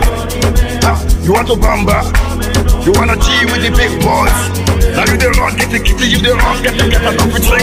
God. You want to bamba? You wanna G with the big boys? Now you the wrong, get the kitty, you the wrong, get the get a coffee drink.